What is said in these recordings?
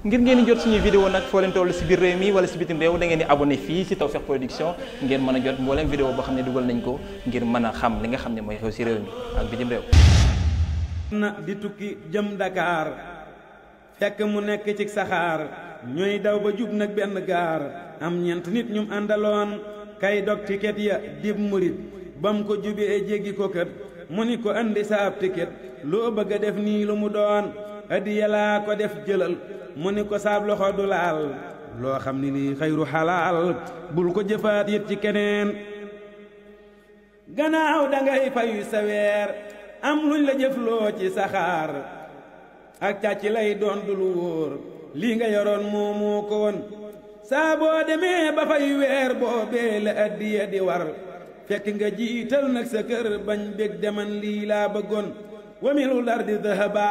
ngir ngeen di jot suñuy vidéo nag foo leen toll si biir réew mi wala si bitim réew da ngeen di abonné fii si Tawfekh Production ngeen mën a jot mbooleem vidéo boo xam ne dugal nañ ko ngir mën a xam li nga xam ne mooy xew si réew mi ak bitim réew na di tukki jëm Dakar fekk mu nekk cig saxaar ñooy daw ba jub nag benn gaar am ñeent nit ñum àndaloon kay dog tiket ya dib murit ba mu ko jubee jéggi ko kët mu ni ko andi sa ab tiket loo bëgg def nii lu mu doon adiya laa ko def jëlal mu ni ko saab loxo loo xam ni lii xayru xalaal bul ko jëfaat it ci keneen gannaaw dangay fayu sa weer am luñ la jëfloo ci saxaar ak càcc lay doon dul wóor lii nga yoroon moomoo ko woon saa boo ba fay weer boobee la addiya di war fekk nga jiital nag sa kër bañ bég deman lii laa bëggoon wamilu lardi dahaba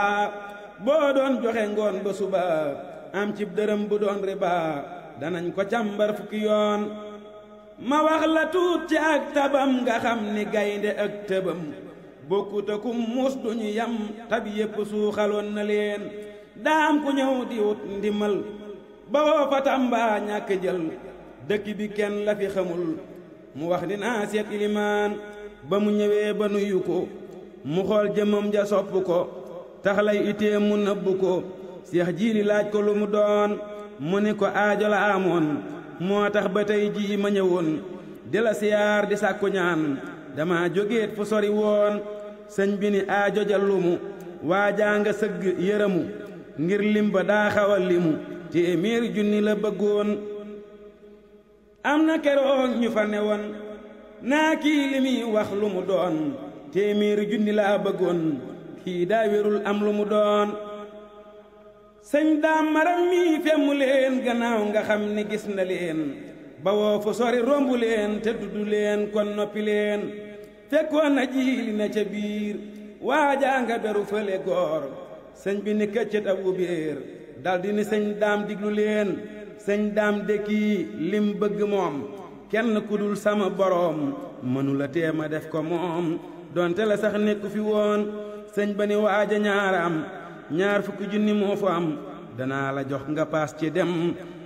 boo doon joxe ngoon basuba suba am cib dërëm bu doon riba danañ ko càmbar fukki yoon ma wax la tuut ci ak tabam nga ni gaynde ak tëbam bokkut akum muus duñu yam tab yépp suuxaloon na leen daam am ku ñëw di wut ndimal ba woo fa tàmbaa ñàkk dëkk bi kenn la fi xamul mu wax dinaa seet ilimaan ba mu ñëwee ba nuyu ko mu xool jëmam ja sopp ko tax lay itee mu nëbb ko seex jiili laaj ko lu mu doon mu ni ko aajo la amoon moo tax ba tey jii ma ñëwoon di la siyaar di sàkku dama jógeet fu sori woon sëñ bi ni aajo ja lumu waajaa nga sëgg yëramu ngir lim ba daa xaw a junni la bëggoon am na keroog ñu fa ne woon naa kii li wax lu doon téeméeri junni laa bëggoon kii daa wérul am lu mu doon sëñ daam maram mii femmu gannaaw nga xam ni gis na leen ba woo fa sori romb te dudd leen kon noppi leen fekkoon na jiili na ca biir waajaa nga beru fële goor sëñ bi ni këccët ab ubéer daldi ni sëñ daam diglu leen sëñ daam dëkki lim bëgg moom kenn ku dul sama boroom mënula teema def ko moom donte la sax nekku fi woon sëñ ba ni waaja ñaara am ñaar fukki junni moo am danaa la jox nga paas ci dem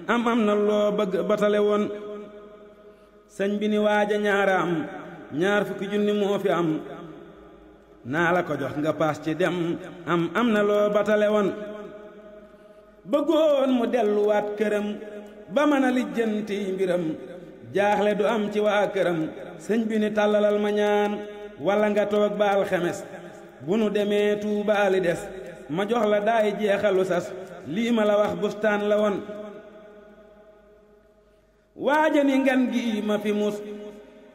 am am na loo bëgg batale woon sëñ bi ni waaja ñaara am ñaar fukki junni moo fi am naa la ko jox nga paas ci dem am am na loo batale woon bëggoon mu delluwaat këram ba mën a ti mbiram jaaxle du am ci waa këram sëñ bi ni tàllalal ma ñaan walla nga toog ba alxemes bu nu demee Tuubaa li des ma jox la daay jeexalu sas lii ma la wax bustaan la woon waajani ngan gi ma fi mus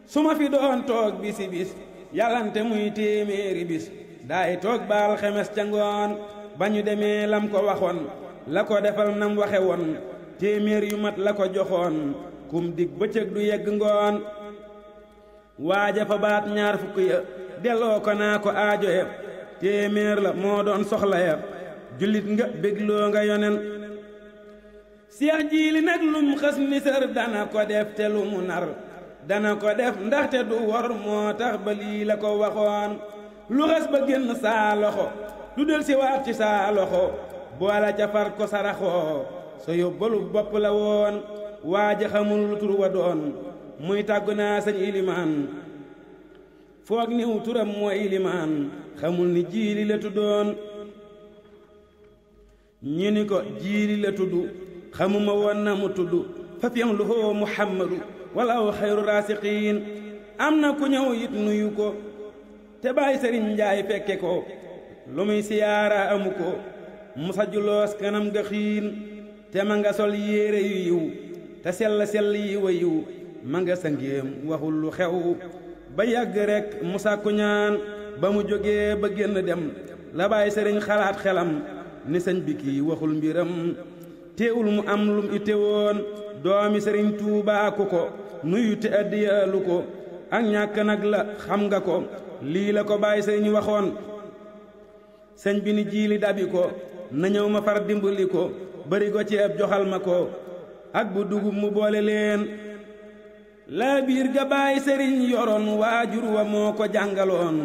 su ma fi doon toog bisi bis yàllante muy téeméeri bis daay toog baal xemes ca ngoon ba ñu demee lam ko waxoon la ko defal nam waxe woon téeméer yu mat la ko joxoon kum dig bëccëg lu yegg ngoon waaja fa baat ñaar fukk ya delloo ko naa ko aajo ya téeméer moo doon soxla ya jullit nga bégloo nga yonen seex jiili nag lum xas nisar dana ko def te lu mu nar dana ko def ndaxte du wor moo tax ba lii la ko waxoon lu xas ba génn saa loxo lu del si waat ci saa loxo boole ca far ko saraxoo sa yóbbalu bopp la woon waaja xamul tur wa doon muy tàggu naa sëñ ilimaan foog ni wu turam mooy limaan xamul ni jiili la tuddoon ñu ni ko jiili la tudd xamuma woon na mu tudd fa fiyam lu hoo muhammadu wala wa xayru raasiqiin am na ku ñëw it nuyu ko te bàyyi sëriñ njaay fekke ko lu muy siyaara amu ko mu sajjuloos kanam nga xiin te ma nga sol yéere yu yiw te sell sell yi wa yiw ma nga sa ngéem waxul lu xew ba yàgg rekk mu sàkku ñaan ba mu jógee ba génn dem la bay sëriñ xalaat xelam ni sëñ bi kii waxul mbiram teewul mu am lum ite woon doomi sëriñ Tuubaa ku ko nuyu te addiyalu ko ak ñàkk nag la xam nga ko lii la ko bàyyi sëriñ waxoon sëñ bi ni jiili dabi ko na ñëw ma far dimbali ko bëri ko joxal ma ko ak bu dugub mu boole leen laa biir ga bàyyi sëriñ yoroon waajur wa moo ko jàngaloon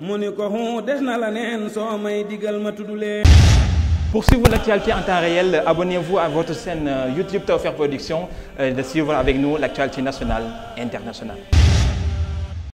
mu ne ko hu des na la neen soo may digal ma tudd leen Pour suivre l'actualité en temps réel, abonnez-vous à votre chaîne euh, YouTube Tawfekh Production et euh, de suivre avec nous l'actualité nationale internationale.